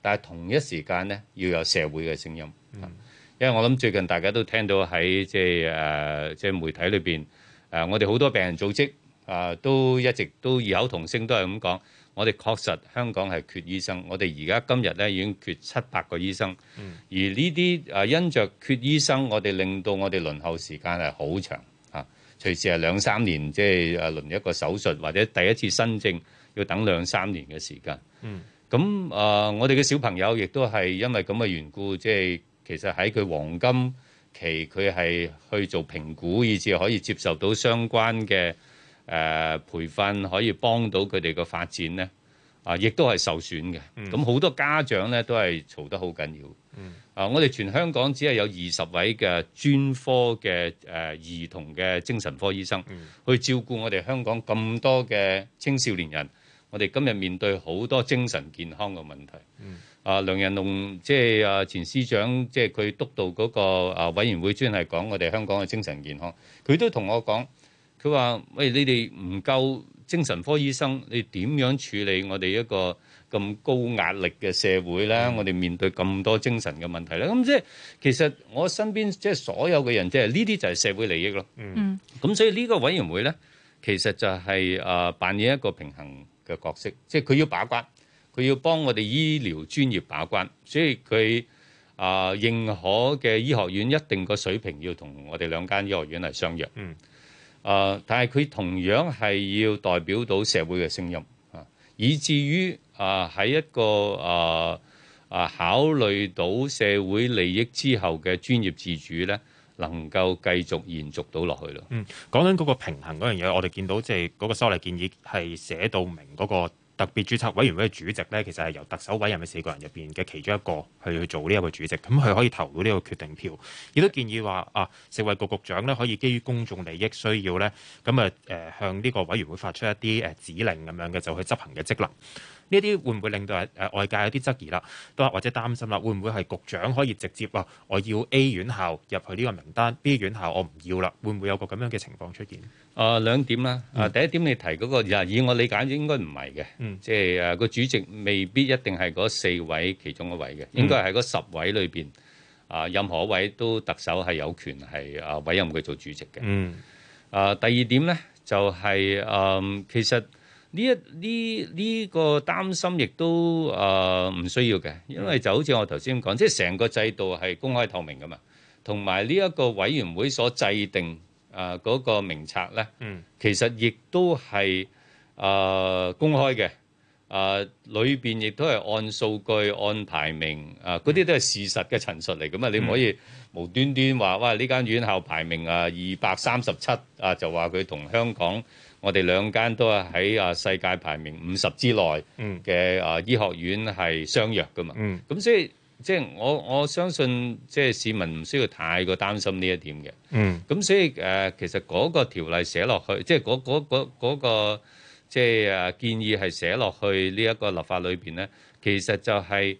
但係同一時間咧要有社會嘅聲音。嗯、因為我諗最近大家都聽到喺即係誒、呃、即係媒體裏邊，誒、呃，我哋好多病人組織誒、呃、都一直都異口同聲都係咁講。我哋確實香港係缺醫生，我哋而家今日咧已經缺七百個醫生，嗯、而呢啲啊因着缺醫生，我哋令到我哋輪候時間係好長啊，隨時係兩三年，即係啊輪一個手術或者第一次新症要等兩三年嘅時間。咁、嗯、啊，我哋嘅小朋友亦都係因為咁嘅緣故，即係其實喺佢黃金期，佢係去做評估，以至可以接受到相關嘅，誒、呃、培訓可以幫到佢哋嘅發展呢，啊，亦都係受損嘅。咁好、嗯、多家長呢，都係嘈得好緊要。嗯、啊，我哋全香港只係有二十位嘅專科嘅誒、啊、兒童嘅精神科醫生、嗯、去照顧我哋香港咁多嘅青少年人。我哋今日面對好多精神健康嘅問題。嗯、啊，梁仁龍即係、就是、啊前司長，即係佢督導嗰個啊委員會專係講我哋香港嘅精神健康。佢都同我講。佢話，喂，你哋唔夠精神科醫生，你點樣處理我哋一個咁高壓力嘅社會呢？我哋面對咁多精神嘅問題呢？咁即係其實我身邊即係所有嘅人，即係呢啲就係、是、社會利益咯。嗯，咁所以呢個委員會呢，其實就係、是、誒、呃、扮演一個平衡嘅角色，即係佢要把關，佢要幫我哋醫療專業把關，所以佢啊、呃、認可嘅醫學院一定個水平要同我哋兩間醫學院係相約。嗯。誒，但係佢同樣係要代表到社會嘅聲音，啊，以至於啊喺一個啊啊、呃、考慮到社會利益之後嘅專業自主咧，能夠繼續延續到落去咯。嗯，講緊嗰個平衡嗰樣嘢，我哋見到即係嗰個修例建議係寫到明嗰、嗰個特別註冊委員會嘅主席呢，其實係由特首委任嘅四個人入邊嘅其中一個去去做呢一個主席，咁佢可以投到呢個決定票。亦都建議話啊，食衞局局長呢，可以基於公眾利益需要呢，咁啊誒向呢個委員會發出一啲誒指令咁樣嘅，就去執行嘅職能。呢啲會唔會令到外界有啲質疑啦，都或者擔心啦，會唔會係局長可以直接話我要 A 院校入去呢個名單，B 院校我唔要啦，會唔會有個咁樣嘅情況出現？啊、呃、兩點啦，啊第一點你提嗰、嗰個，以我理解應該唔係嘅，嗯、即係啊個主席未必一定係嗰四位其中一位嘅，嗯、應該係嗰十位裏邊啊任何一位都特首係有權係啊委任佢做主席嘅、嗯啊就係。嗯，啊第二點咧就係啊其實呢一呢呢、呢個擔心亦都啊唔、呃、需要嘅，因為就好似我頭先講，嗯、即係成個制度係公開透明噶嘛，同埋呢一個委員會所制定。啊，嗰、那個名冊呢，嗯、其實亦都係啊公開嘅，啊裏邊亦都係按數據按排名，啊嗰啲都係事實嘅陳述嚟㗎嘛，你唔可以無端端話哇呢間院校排名啊二百三十七，啊就話佢同香港我哋兩間都係喺啊世界排名五十之內嘅、嗯、啊醫學院係相若㗎嘛，咁、嗯、所以。即係我我相信，即係市民唔需要太過擔心呢一點嘅。嗯。咁所以誒、呃，其實嗰個條例寫落去，即係、嗰、嗰個、嗰個、即係、啊、建議係寫落去呢一個立法裏邊呢，其實就係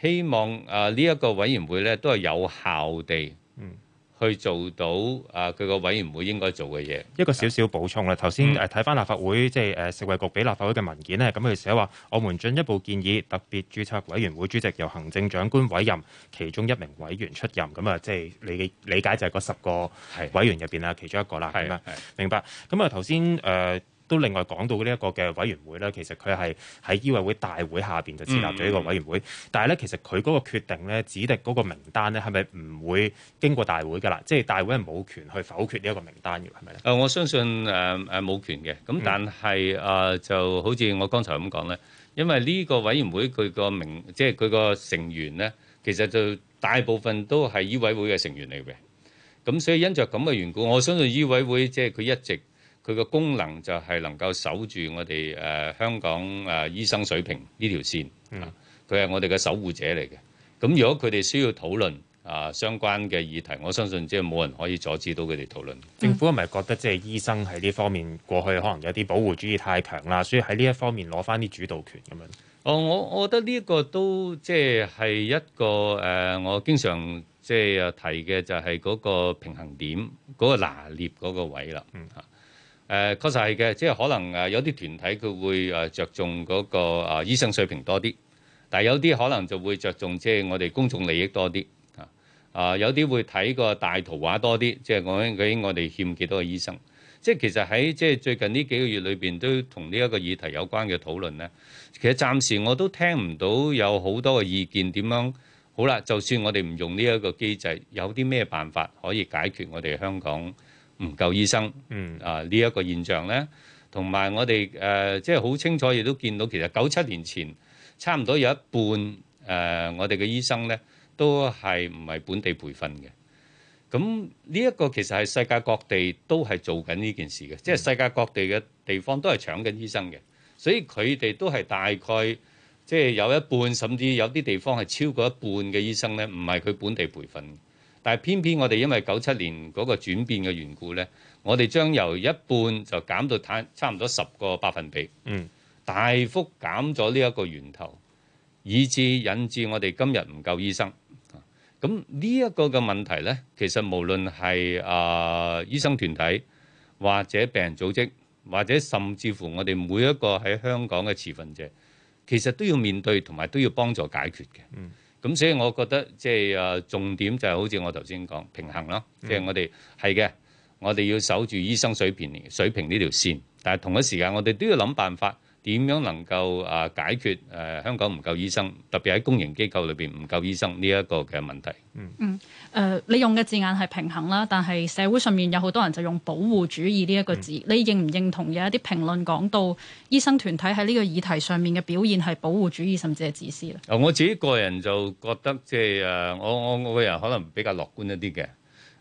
希望啊呢一個委員會呢都係有效地。嗯。去做到啊！佢個委員會應該做嘅嘢，一個少少補充啦。頭先誒睇翻立法會、嗯、即係誒食衞局俾立法會嘅文件咧，咁佢寫話：我們進一步建議，特別註冊委員會主席由行政長官委任，其中一名委員出任。咁啊，即係你嘅理解就係嗰十個委員入邊啊，的其中一個啦。係，係明白。咁啊，頭先誒。都另外講到呢一個嘅委員會咧，其實佢係喺醫委會大會下邊就設立咗呢個委員會，嗯嗯但係咧其實佢嗰個決定咧指定嗰個名單咧，係咪唔會經過大會噶啦？即係大會係冇權去否決呢一個名單嘅，係咪咧？誒、呃，我相信誒誒冇權嘅，咁但係誒、嗯呃、就好似我剛才咁講咧，因為呢個委員會佢個名，即係佢個成員咧，其實就大部分都係醫委會嘅成員嚟嘅，咁所以因着咁嘅緣故，我相信醫委會即係佢一直。佢個功能就係能夠守住我哋誒香港誒醫生水平呢條線，佢係、嗯、我哋嘅守護者嚟嘅。咁如果佢哋需要討論啊相關嘅議題，我相信即係冇人可以阻止到佢哋討論。嗯、政府係咪覺得即係醫生喺呢方面過去可能有啲保護主義太強啦，所以喺呢一方面攞翻啲主導權咁樣？哦，我我覺得呢一個都即係係一個誒，我經常即係提嘅就係嗰個平衡點，嗰、嗰個拿捏嗰個位啦。嗯啊。誒確實係嘅，即係可能誒有啲團體佢會誒着重嗰個啊醫生水平多啲，但係有啲可能就會着重即係我哋公眾利益多啲啊，啊有啲會睇個大圖畫多啲，即係講緊我哋欠幾多個醫生。即係其實喺即係最近呢幾個月裏邊都同呢一個議題有關嘅討論咧，其實暫時我都聽唔到有好多嘅意見點樣。好啦，就算我哋唔用呢一個機制，有啲咩辦法可以解決我哋香港？唔夠醫生，啊呢一個現象呢，同埋我哋誒、呃、即係好清楚亦都見到，其實九七年前差唔多有一半誒、呃，我哋嘅醫生呢，都係唔係本地培訓嘅。咁呢一個其實係世界各地都係做緊呢件事嘅，嗯、即係世界各地嘅地方都係搶緊醫生嘅，所以佢哋都係大概即係有一半，甚至有啲地方係超過一半嘅醫生呢，唔係佢本地培訓。但係偏偏我哋因為九七年嗰個轉變嘅緣故呢，我哋將由一半就減到差差唔多十個百分比，嗯、大幅減咗呢一個源頭，以致引致我哋今日唔夠醫生。咁呢一個嘅問題呢，其實無論係啊、呃、醫生團體或者病人組織，或者甚至乎我哋每一個喺香港嘅持份者，其實都要面對同埋都要幫助解決嘅。嗯咁所以我覺得即係、就是、重點就係好似我頭先講平衡咯，即係、嗯、我哋係嘅，我哋要守住醫生水平水平呢條線，但係同一時間我哋都要諗辦法。點樣能夠啊解決誒香港唔夠醫生，特別喺公營機構裏邊唔夠醫生呢一個嘅問題？嗯嗯誒、呃，你用嘅字眼係平衡啦，但係社會上面有好多人就用保護主義呢一個字，嗯、你認唔認同有一啲評論講到醫生團體喺呢個議題上面嘅表現係保護主義，甚至係自私啦？我自己個人就覺得即係誒，我我我個人可能比較樂觀一啲嘅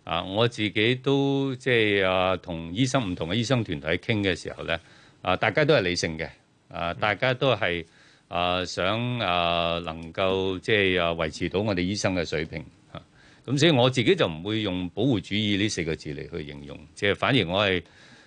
啊，我自己都即係啊，同醫生唔同嘅醫生團體傾嘅時候咧啊，大家都係理性嘅。啊！大家都係啊，想啊，能夠即係啊，維持到我哋醫生嘅水平啊。咁所以我自己就唔會用保護主義呢四個字嚟去形容，即係反而我係。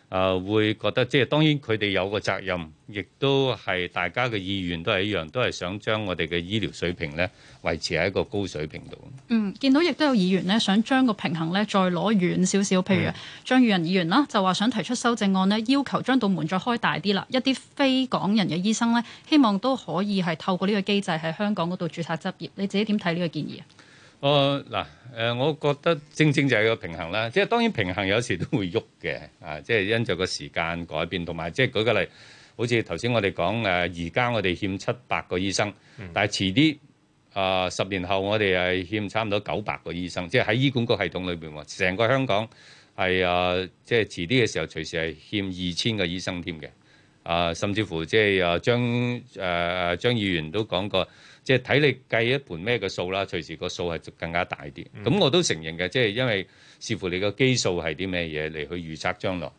啊、呃，會覺得即係當然，佢哋有個責任，亦都係大家嘅意願都係一樣，都係想將我哋嘅醫療水平咧維持喺一個高水平度。嗯，見到亦都有議員咧想將個平衡咧再攞遠少少，譬如張、嗯、宇人議員啦，就話想提出修正案咧，要求將道門再開大啲啦，一啲非港人嘅醫生咧，希望都可以係透過呢個機制喺香港嗰度註冊執業。你自己點睇呢個建議啊？我嗱誒，我覺得正正就係一個平衡啦，即係當然平衡有時都會喐嘅，啊，即係因著個時間改變同埋即係舉個例，好似頭先我哋講誒，而、呃、家我哋欠七百個醫生，嗯、但係遲啲啊，十年後我哋係欠差唔多九百個醫生，即係喺醫管局系統裏邊喎，成個香港係啊、呃，即係遲啲嘅時候隨時係欠二千個醫生添嘅，啊、呃，甚至乎即係啊張誒張議員都講過。即係睇你計一盤咩嘅數啦，隨時個數係更加大啲。咁、嗯、我都承認嘅，即係因為視乎你個基數係啲咩嘢嚟去預測將來。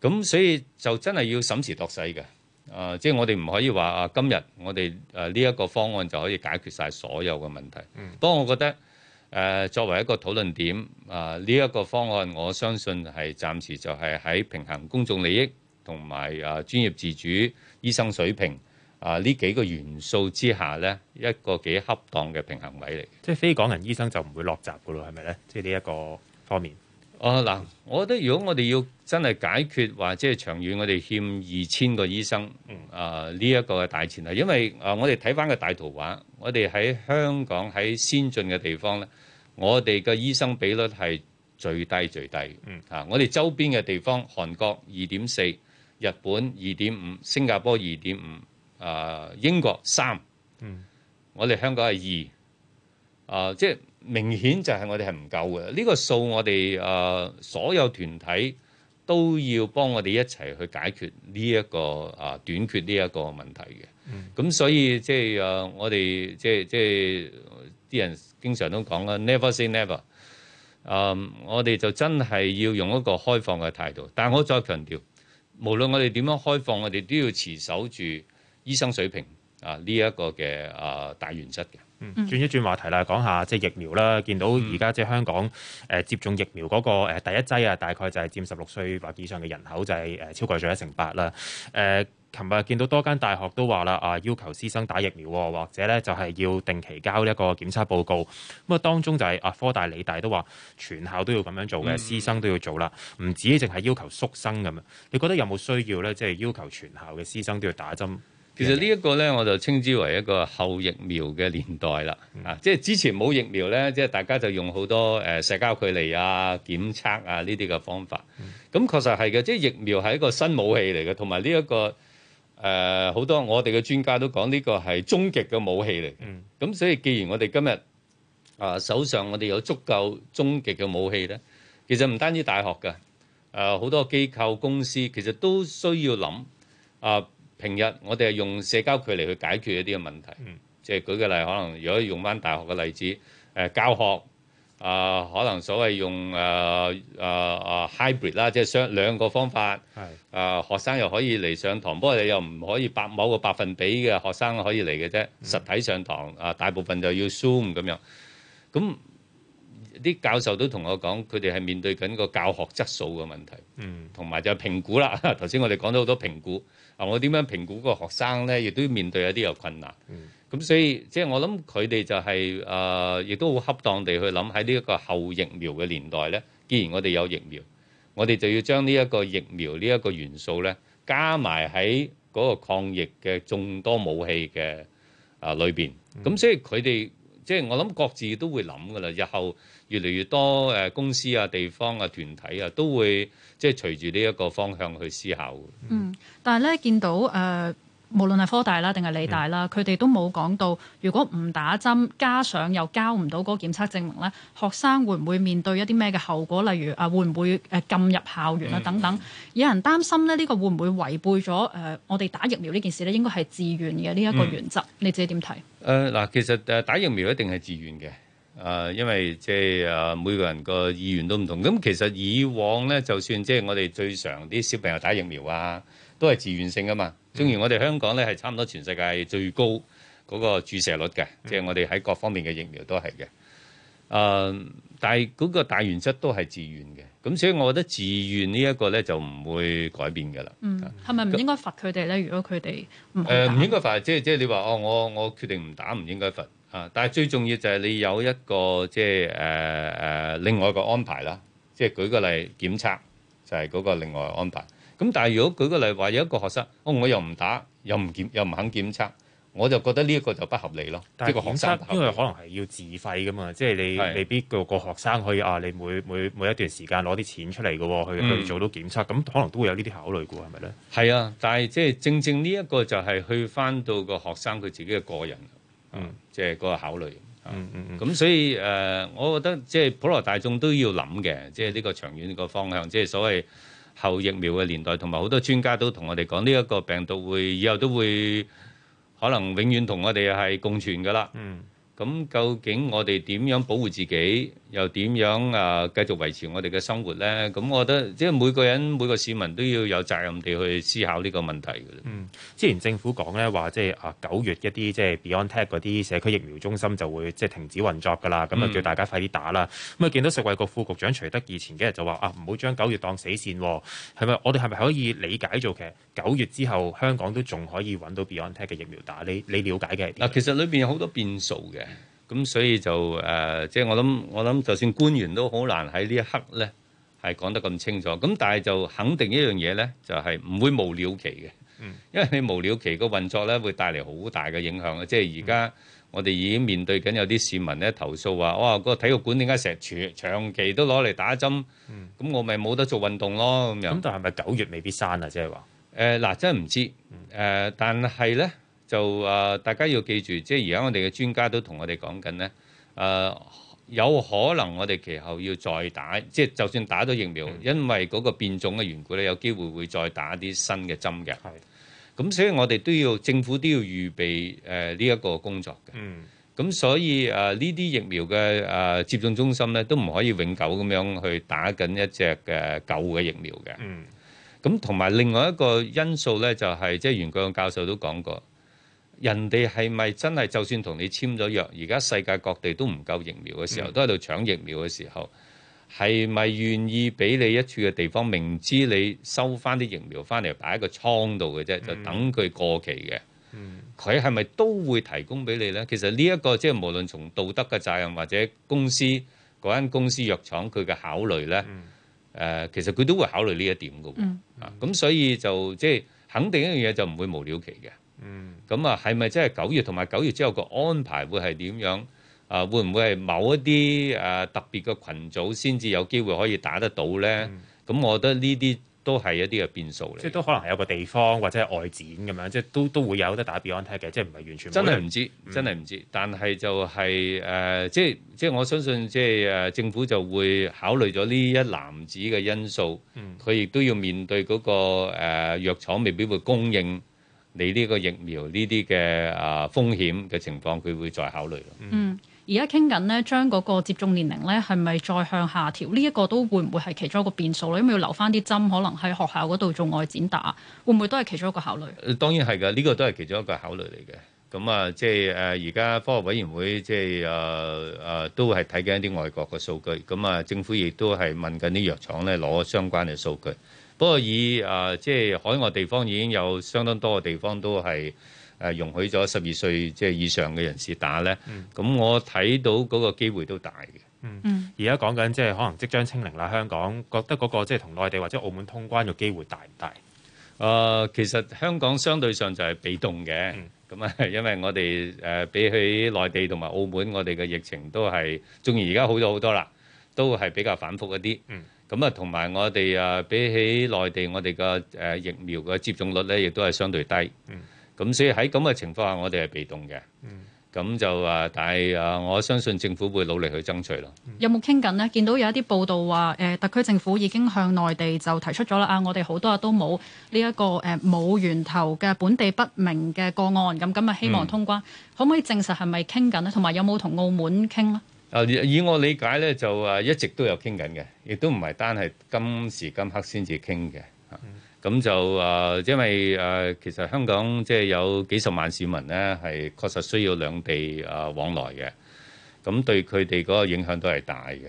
咁所以就真係要審時度勢嘅。啊、呃，即、就、係、係、我哋唔可以話啊，今日我哋誒呢一個方案就可以解決晒所有嘅問題。嗯。不過我覺得誒、呃、作為一個討論點啊，呢、呢、一個方案我相信係暫時就係喺平衡公眾利益同埋啊專業自主醫生水平。啊！呢幾個元素之下，呢一個幾恰當嘅平衡位嚟。即係非港人醫生就唔會落閘噶咯，係咪呢？即係呢一個方面。哦嗱、嗯啊，我覺得如果我哋要真係解決話，即係長遠，我哋欠二千個醫生啊呢一、這個嘅大前提，因為啊，我哋睇翻個大圖畫，我哋喺香港喺先進嘅地方呢，我哋嘅醫生比率係最低最低。嗯、啊，我哋周邊嘅地方，韓國二點四，日本二點五，新加坡二點五。啊！英國三，嗯，我哋香港係二，啊，即係明顯就係我哋係唔夠嘅。呢、這個數我哋啊，所有團體都要幫我哋一齊去解決呢、呢、一個啊短缺呢一個問題嘅。咁、嗯、所以即係啊，我哋即係即係啲人經常都講啦，Never say never。啊，我哋、啊、就真係要用一個開放嘅態度，但係我再強調，無論我哋點樣開放，我哋都要持守住。醫生水平啊呢一個嘅啊大原則嘅，轉、嗯、一轉話題啦，講下即係疫苗啦。見到而家、嗯、即係香港誒、呃、接種疫苗嗰、那個、呃、第一劑啊，大概就係佔十六歲或以上嘅人口就係、是、誒、呃、超過咗一成八啦。誒、呃，琴日見到多間大學都話啦，啊要求師生打疫苗喎，或者咧就係、是、要定期交呢一個檢測報告。咁、嗯、啊，當中就係、是、啊科大、理大都話全校都要咁樣做嘅，師、嗯、生都要做啦，唔止淨係要求宿生咁樣。你覺得有冇需要咧？即係要求全校嘅師生都要打針？其實呢一個呢，我就稱之為一個後疫苗嘅年代啦，啊、嗯！即係之前冇疫苗呢，即係大家就用好多誒社交距離啊、檢測啊呢啲嘅方法。咁、嗯、確實係嘅，即係疫苗係一個新武器嚟嘅，同埋呢一個誒好、呃、多我哋嘅專家都講呢個係終極嘅武器嚟。咁、嗯、所以既然我哋今日啊、呃、手上我哋有足夠終極嘅武器呢，其實唔單止大學嘅，好、呃、多機構公司其實都需要諗啊。呃平日我哋係用社交距離去解決一啲嘅問題，即係、嗯、舉個例，可能如果用翻大學嘅例子，呃、教學啊、呃，可能所謂用誒誒 hybrid 啦，呃呃呃呃、hybrid，即係雙兩個方法，誒、呃、學生又可以嚟上堂，不過你又唔可以百某個百分比嘅學生可以嚟嘅啫，嗯、實體上堂啊、呃，大部分就要 zoom 咁樣。咁啲教授都同我講，佢哋係面對緊個教學質素嘅問題，同埋、嗯、就評估啦。頭先我哋講咗好多評估。啊！我點樣評估個學生咧，亦都要面對一啲嘅困難。咁所以即係、就是、我諗佢哋就係、是、誒，亦、呃、都好恰當地去諗喺呢一個後疫苗嘅年代咧。既然我哋有疫苗，我哋就要將呢一個疫苗呢一個元素咧，加埋喺嗰個抗疫嘅眾多武器嘅啊裏邊。咁、呃、所以佢哋即係我諗各自都會諗㗎喇，日後。越嚟越多誒、呃、公司啊、地方啊、團體啊，都會即係隨住呢一個方向去思考。嗯，但係咧見到誒、呃，無論係科大啦，定係理大啦，佢哋、嗯、都冇講到，如果唔打針，加上又交唔到嗰個檢測證明咧，學生會唔會面對一啲咩嘅後果？例如啊，會唔會誒禁入校園啊、嗯、等等？有人擔心咧，呢、這個會唔會違背咗誒、呃、我哋打疫苗呢件事咧？應該係自願嘅呢一個原則，嗯、你自己點睇？誒嗱、呃，其實誒打疫苗一定係自願嘅。誒，因為即係誒，每個人個意願都唔同。咁其實以往咧，就算即係我哋最常啲小朋友打疫苗啊，都係自願性噶嘛。正如我哋香港咧係差唔多全世界最高嗰個注射率嘅，即係、嗯、我哋喺各方面嘅疫苗都係嘅。誒、嗯，但係嗰個大原則都係自願嘅。咁所以，我覺得自願呢一個咧就唔會改變嘅啦。嗯，係咪唔應該罰佢哋咧？那如果佢哋誒唔應該罰，即係即係你話哦，我我決定唔打，唔應該罰。啊！但係最重要就係你有一個即係誒誒另外一個安排啦，即係舉個例檢測就係嗰個另外安排。咁但係如果舉個例話有一個學生，哦我又唔打又唔檢又唔肯檢測，我就覺得呢一個就不合理咯。呢個學生，因為可能係要自費㗎嘛，即係你未是必個個學生去，啊，你每每每一段時間攞啲錢出嚟嘅喎，去去做到檢測，咁、嗯、可能都會有呢啲考慮嘅喎，係咪咧？係啊，但係即係正正呢一個就係去返到個學生佢自己嘅個人。嗯，即係嗰個考慮。嗯嗯嗯。咁、嗯嗯、所以誒，uh, 我覺得即係、就是、普羅大眾都要諗嘅，即係呢個長遠個方向，即、就、係、是、所謂後疫苗嘅年代，同埋好多專家都同我哋講，呢一個病毒會以後都會可能永遠同我哋係共存㗎喇。嗯。咁究竟我哋點樣保護自己？又點樣啊？繼續維持我哋嘅生活咧？咁我覺得即係每個人每個市民都要有責任地去思考呢個問題嘅。嗯，之前政府講咧話，即係、就是、啊九月一啲即係、就是、BioNTech 嗰啲社區疫苗中心就會即係、就是、停止運作㗎啦。咁啊叫大家快啲打啦。咁啊、嗯、見到食衞局副局長徐德義前幾日就話啊，唔好將九月當死線，啊。係咪我哋係咪可以理解做其實九月之後香港都仲可以揾到 BioNTech 嘅疫苗打？你你瞭解嘅嗱，其實裏邊有好多變數嘅。咁所以就誒、呃，即係我諗，我諗就算官員都好難喺呢一刻咧，係講得咁清楚。咁但係就肯定一樣嘢咧，就係、是、唔會無了期嘅。嗯，因為你無了期個運作咧，會帶嚟好大嘅影響啊！即係而家我哋已經面對緊有啲市民咧投訴話，哇、哦，嗰個體育館點解成日長期都攞嚟打針？嗯，咁我咪冇得做運動咯。咁樣。咁但係咪九月未必閂啊？即係話。誒嗱、呃，真係唔知。誒、呃，但係咧。就誒、呃，大家要記住，即係而家我哋嘅專家都同我哋講緊呢，誒、呃、有可能我哋其後要再打，即係就算打咗疫苗，嗯、因為嗰個變種嘅緣故咧，有機會會再打啲新嘅針嘅。咁是所以我哋都要，政府都要預備誒呢一個工作嘅。咁、嗯、所以誒呢啲疫苗嘅誒、呃、接種中心咧，都唔可以永久咁樣去打緊一隻嘅舊嘅疫苗嘅。咁同埋另外一個因素呢，就係、是、即係袁國勇教授都講過。人哋係咪真係就算同你簽咗約，而家世界各地都唔夠疫苗嘅時候，都喺度搶疫苗嘅時候，係咪願意俾你一處嘅地方，明知你收翻啲疫苗翻嚟擺喺個倉度嘅啫，就等佢過期嘅？嗯，佢係咪都會提供俾你呢？其實呢、這、一個即係無論從道德嘅責任或者公司嗰間公司藥廠佢嘅考慮呢，嗯、呃，其實佢都會考慮呢一點嘅。咁所以就即係肯定一樣嘢，就唔會無了期嘅。嗯，咁啊，係咪即係九月同埋九月之後個安排會係點樣？啊、呃，會唔會係某一啲誒、呃、特別嘅群組先至有機會可以打得到咧？咁、嗯、我覺得呢啲都係一啲嘅變數嚟。即係都可能係有個地方或者係外展咁樣，即係都都會有得打 Beyond 嘅，即係唔係完全真係唔知，真係唔知。嗯、但係就係、是、誒、呃，即係即我相信即係政府就會考慮咗呢一籃子嘅因素。佢亦、嗯、都要面對嗰、那個誒、呃、藥廠未必會供應。你呢個疫苗呢啲嘅啊風險嘅情況，佢會再考慮咯。嗯，而家傾緊呢，將嗰個接種年齡呢，係咪再向下調？呢一個都會唔會係其中一個變數咧？因為要留翻啲針，可能喺學校嗰度做外展打，會唔會都係其中一個考慮？當然係㗎，呢個都係其中一個考慮嚟嘅。咁啊，即係誒，而家科學委員會即係啊啊，都係睇緊一啲外國嘅數據。咁啊，政府亦都係問緊啲藥廠咧攞相關嘅數據。不過以誒、呃、即係海外地方已經有相當多嘅地方都係誒、呃、容許咗十二歲即係以上嘅人士打咧，咁、嗯、我睇到嗰個機會都大嘅。嗯嗯，而家講緊即係可能即將清零啦，香港覺得嗰個即係同內地或者澳門通關嘅機會大唔大？誒、呃，其實香港相對上就係被動嘅，咁啊、嗯，因為我哋誒、呃、比起內地同埋澳門，我哋嘅疫情都係，縱然而家好咗好多啦，都係比較反覆一啲。嗯。咁啊，同埋我哋啊，比起內地，我哋個誒疫苗嘅接種率咧，亦都係相對低。嗯。咁所以喺咁嘅情況下，我哋係被動嘅。嗯。咁就啊，但係啊，我相信政府會努力去爭取咯。有冇傾緊呢？見到有一啲報道話，誒特區政府已經向內地就提出咗啦。啊，我哋好多日都冇呢一個誒冇源頭嘅本地不明嘅個案。咁就希望通關，可唔可以證實係咪傾緊呢？同埋有冇同澳門傾呢？啊！以我理解咧，就啊一直都有傾緊嘅，亦都唔係單係今時今刻先至傾嘅。咁就啊、呃，因為啊、呃，其實香港即係有幾十萬市民咧，係確實需要兩地啊、呃、往來嘅。咁對佢哋嗰個影響都係大嘅。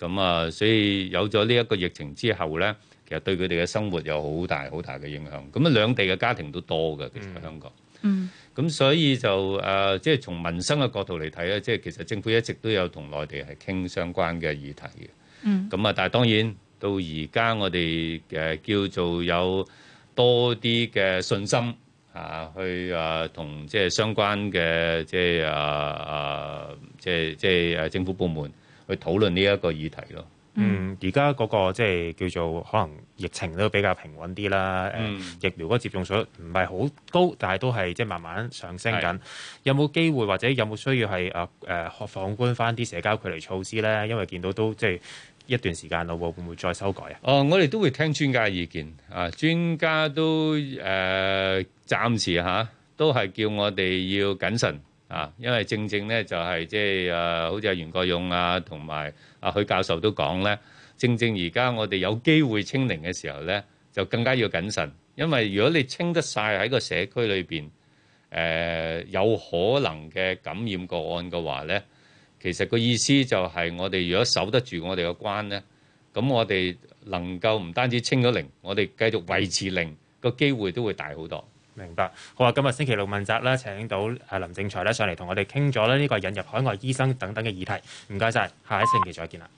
咁啊，所以有咗呢一個疫情之後咧。其實對佢哋嘅生活有好大好大嘅影響。咁啊，兩地嘅家庭都多㗎，其實香港。嗯。咁所以就誒、呃，即係從民生嘅角度嚟睇咧，即係其實政府一直都有同內地係傾相關嘅議題嘅。嗯。咁啊，但係當然到而家我哋誒叫做有多啲嘅信心啊，去誒同即係相關嘅即係啊，誒、啊、即係即係誒政府部門去討論呢一個議題咯。嗯，而家嗰個即係叫做可能疫情都比較平穩啲啦。誒、嗯，疫苗個接種數唔係好高，但係都係即係慢慢上升緊。是有冇機會或者有冇需要係誒誒放寬翻啲社交距離措施咧？因為見到都即係一段時間咯，我會唔會再修改啊？哦，我哋都會聽專家意見啊。專家都誒、呃，暫時嚇、啊、都係叫我哋要謹慎啊，因為正正咧就係、是、即係誒、啊，好似阿袁國勇啊同埋。啊，許教授都講咧，正正而家我哋有機會清零嘅時候咧，就更加要謹慎，因為如果你清得晒喺個社區裏邊，誒、呃、有可能嘅感染個案嘅話咧，其實個意思就係我哋如果守得住我哋嘅關咧，咁我哋能夠唔單止清咗零，我哋繼續維持零，個機會都會大好多。明白，好啊！今日星期六問責啦，請到誒林正財咧上嚟同我哋傾咗咧呢個引入海外醫生等等嘅議題。唔該晒，下一星期再見啦。